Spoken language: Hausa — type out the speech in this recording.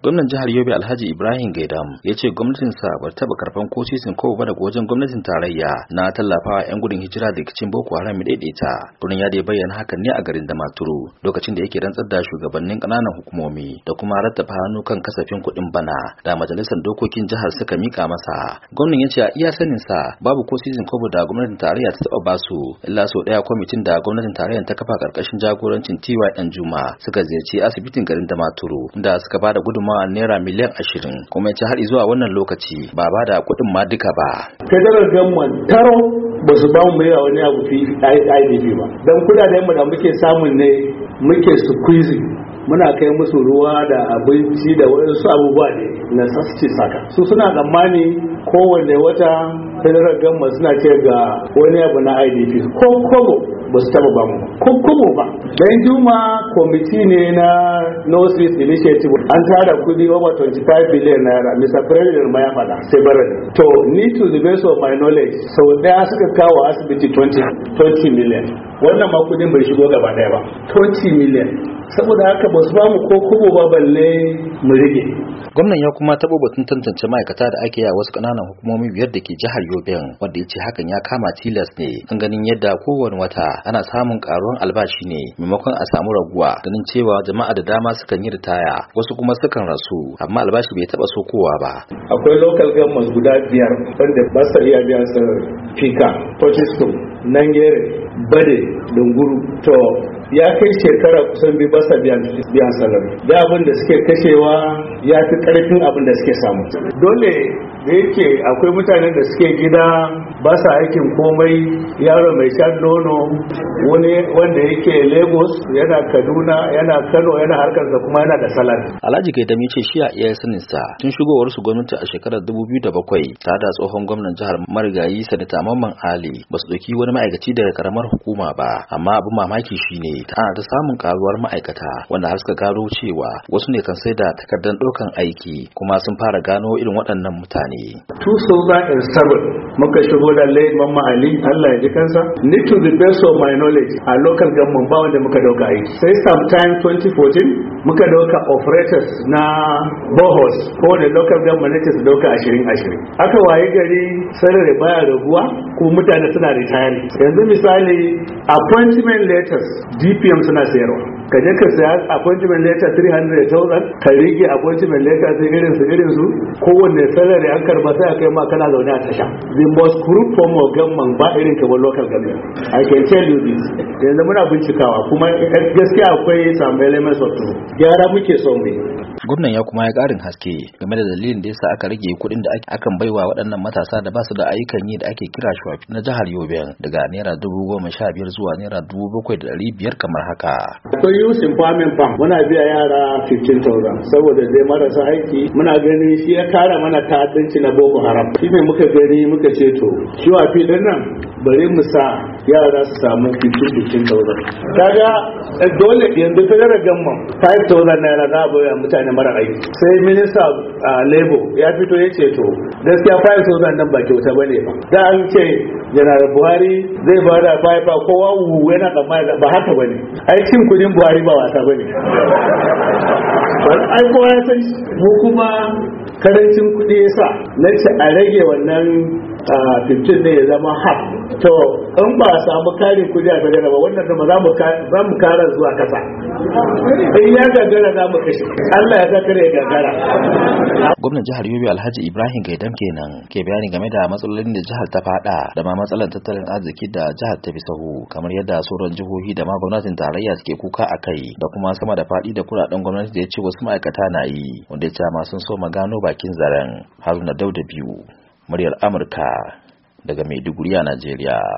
gwamnan jihar yobe alhaji ibrahim gaidam ya ce gwamnatinsa ba taɓa karfan ko sisin ko ba daga wajen gwamnatin tarayya na tallafawa 'yan gudun hijira da rikicin boko haram daidaita gwamnan ya dai bayyana hakan ne a garin damaturu lokacin da yake rantsar da shugabannin kananan hukumomi da kuma rattafa hannu kan kasafin kuɗin bana da majalisar dokokin jihar suka mika masa gwamnan ya ce a iya sanin sa babu ko sisin ko da gwamnatin tarayya ta ba su, illa sau ɗaya kwamitin da gwamnatin tarayyar ta kafa ƙarƙashin jagorancin dan juma suka ziyarci asibitin garin maturu da suka bada kuma naira miliyan ashirin kuma ya ce har zuwa wannan lokaci ba ba da kuɗin ma duka ba. federal government taro ba su ba mu mai wani abu fi idp ba don kudaden mu da muke samun ne muke kwizi muna kai musu ruwa da abinci da wasu abubuwa ne na sassi saka su suna tsammani kowane wata federal government suna ce ga wani abu na idp ko kogo ba su taba ba mu ko kubo ba dan juma kwamiti ne na northeast initiative an tara kudi over 25 billion naira mr president ma ya fada sai bara ne to ni to the best of my knowledge sau daya suka kawo asibiti 20 20 million wannan ma kudin bai shigo gaba daya ba 20 million saboda haka ba su ba mu ko kubo ba balle mu rige gwamnan ya kuma tabo batun tantance ma'aikata da ake a wasu kananan hukumomi biyar da ke jihar Yobe wanda ya ce hakan ya kama tilas ne an ganin yadda kowane wata ana samun karuwan albashi ne maimakon a samu raguwa ganin cewa jama'a da dama sukan yi ritaya wasu kuma sukan rasu amma albashi bai taba so kowa ba akwai local government guda biyar wanda ba sa iya biyan su fika potiskum nangere bade dunguru to ya kai shekara kusan bai basa biyan salari da abin da suke kashewa ya fi karfin abin da suke samu dole da yake akwai mutanen da suke gida ba sa aikin komai yaro mai shan nono wani wanda yake lagos yana kaduna yana kano yana harkar da kuma yana da salari alhaji kai dami ce shi a iya saninsa tun shigowar su gwamnati a shekarar 2007 ta da tsohon gwamnan jihar marigayi sanata mamman ali ba su ɗauki wani ma'aikaci daga karamar hukuma ba amma abin mamaki shine tana da samun karuwar ma'aikata wanda har suka gano cewa wasu ne kan sai da takardar ɗaukan aiki kuma sun fara gano irin waɗannan mutane. 2007 muka shigo da Mamma Ma'ali Allah ya ji kansa. Ni to the best of my knowledge a local government ba wanda muka ɗauka aiki. Sai sometime 2014 muka ɗauka operators na bohos ko wanda local government ne su ɗauka ashirin ashirin. Aka waye gari sarari baya raguwa ko mutane suna retire. Yanzu misali appointment letters ppm suna sayarwa ka je ka saya appointment letter 300,000 ka rige mai leta sai irin su irin su kowanne salari an karba sai kai ma kana zaune a tasha the most group form of government ba irin kamar local government i can tell you this yanzu muna bincikawa kuma gaskiya akwai some elements of truth yara muke son mu gwamnan ya kuma ya karin haske game da dalilin da yasa aka rage kuɗin da akan baiwa waɗannan matasa da ba su da ayyukan yi da ake kira shwafi na jihar yobe daga naira dubu goma sha biyar zuwa naira dubu bakwai da ɗari biyar kamar haka To use empowerment fund muna biya yara 15000 saboda dai marasa aiki muna gani shi ya tara mana ta'addanci na boko haram shi ne muka gani muka ce to shi wa filin nan bari mu sa yara su samu 15000 kaga eh, dole yanzu ta gara gamma 5000 naira za a bayar mutane mara aiki sai minista a ah, Lebo ya fito ya ce to gaskiya 5000 nan ba kyauta bane ba da an ce janar buhari zai ba da 5 kowa wuwu yana tsammani ba haka bane ai cin kudin buhari ba wasa bane ai kowa ya san mu kuma karancin kuɗi ya sa na ce a rage wannan fitin ne ya zama haf to in ba samu karin kuɗi a gagara ba wannan da za mu kara zuwa kasa in ya gagara za mu kashe Allah ya zakar ya gagara gwamnan jihar yobe alhaji ibrahim gaidam kenan ke bayani game da matsalolin da jihar ta fada da ma matsalar tattalin arziki da jihar ta fi sahu kamar yadda sauran jihohi da ma gwamnatin tarayya suke kuka a kai da kuma sama da faɗi da kuɗaɗen gwamnati da ya ce wasu ma'aikata na yi wanda ya ma sun so gano bakin zaren haruna dauda biyu muryar amurka daga maiduguri a najeriya